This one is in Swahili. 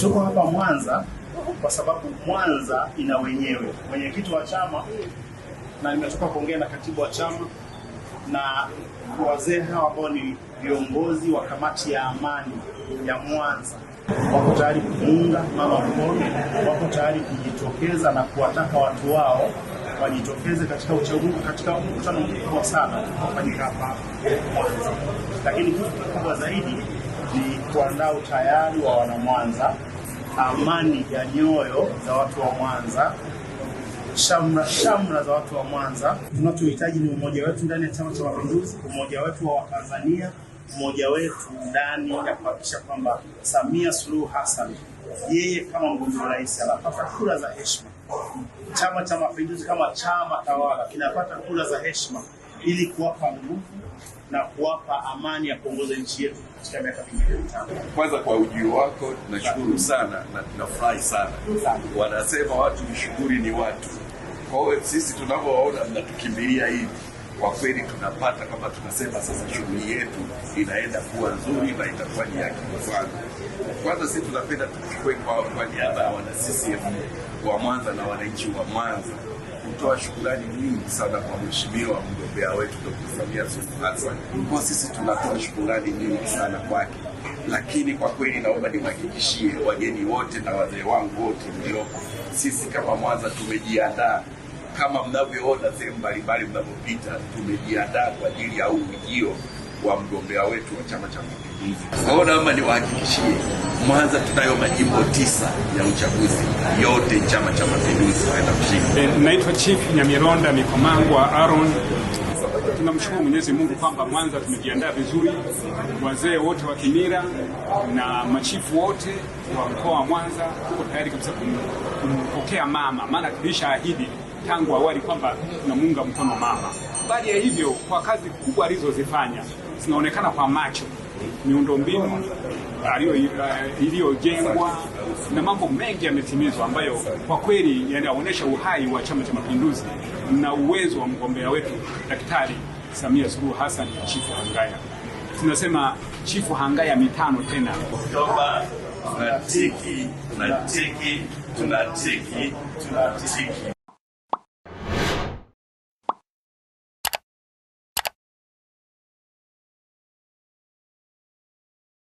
Tuko hapa Mwanza kwa sababu Mwanza ina wenyewe, mwenyekiti wa chama, na nimetoka kuongea na katibu wa chama na wazee hawa ambao ni viongozi wa kamati ya amani ya Mwanza. Wako tayari kumuunga mama mkono, wako tayari kujitokeza na kuwataka watu wao wajitokeze katika uchaguzi, katika mkutano mkubwa sana utakaofanyika hapa Mwanza. Lakini kitu kikubwa zaidi ni kuandaa utayari wa wanamwanza amani ya nyoyo za watu wa Mwanza, shamra shamra za watu wa Mwanza. Tunachohitaji ni umoja wetu ndani ya Chama cha Mapinduzi, umoja wetu wa Watanzania, umoja wetu ndani ya kuhakikisha kwamba Samia Suluhu Hassan yeye kama mgombea rais anapata kura za heshima. Chama cha Mapinduzi kama chama tawala kinapata kura za heshima ili kuwapa nguvu na kuwapa amani ya kuongoza nchi yetu katika miaka mingine mitano. Kwanza kwa ujio wako tunashukuru sana na tunafurahi sana. Wanasema watu mshukuri ni watu. Kwa hiyo sisi tunavyowaona mnatukimbilia hivi, kwa kweli tunapata kama tunasema sasa, shughuli yetu inaenda kuwa nzuri na itakuwa ni ya kimfano. Kwanza sisi tunapenda tuchukue kwa, kwa niaba ya wana CCM wa Mwanza na wananchi wa Mwanza kutoa shukrani nyingi sana kwa mheshimiwa mgombea wetu Dr. Samia Suluhu Hassan. Kwa sisi tunatoa shukrani nyingi sana kwake, lakini kwa kweli naomba nimhakikishie wageni wote na wazee wangu wote mlioko, sisi kama Mwanza tumejiandaa kama mnavyoona sehemu mbalimbali mnavyopita, tumejiandaa kwa ajili ya huu ujio wa mgombea wetu wa Chama cha Mapinduzi. Kwa hiyo naomba niwahakikishie, Mwanza tunayo majimbo tisa ya uchaguzi yote, Chama cha Mapinduzi waenda kushinda. E, eh, naitwa Chief Nyamironda Mikomangwa Aaron. Tunamshukuru Mwenyezi Mungu kwamba Mwanza tumejiandaa vizuri, wazee wote wa kimira na machifu wote wa mkoa wa Mwanza tuko tayari kabisa kumpokea mama, maana tulishaahidi tangu awali kwamba tunamuunga mkono mama. Baada ya hivyo, kwa kazi kubwa alizozifanya zinaonekana kwa macho, miundombinu uh, uh, iliyojengwa na mambo mengi yametimizwa, ambayo kwa kweli yanaonyesha uhai wa Chama cha Mapinduzi na uwezo wa mgombea wetu Daktari Samia Suluhu Hassan, Chifu Hangaya. Tunasema Chifu Hangaya mitano tena. Oktoba tunatiki, tunatiki, tunatiki, tunatiki.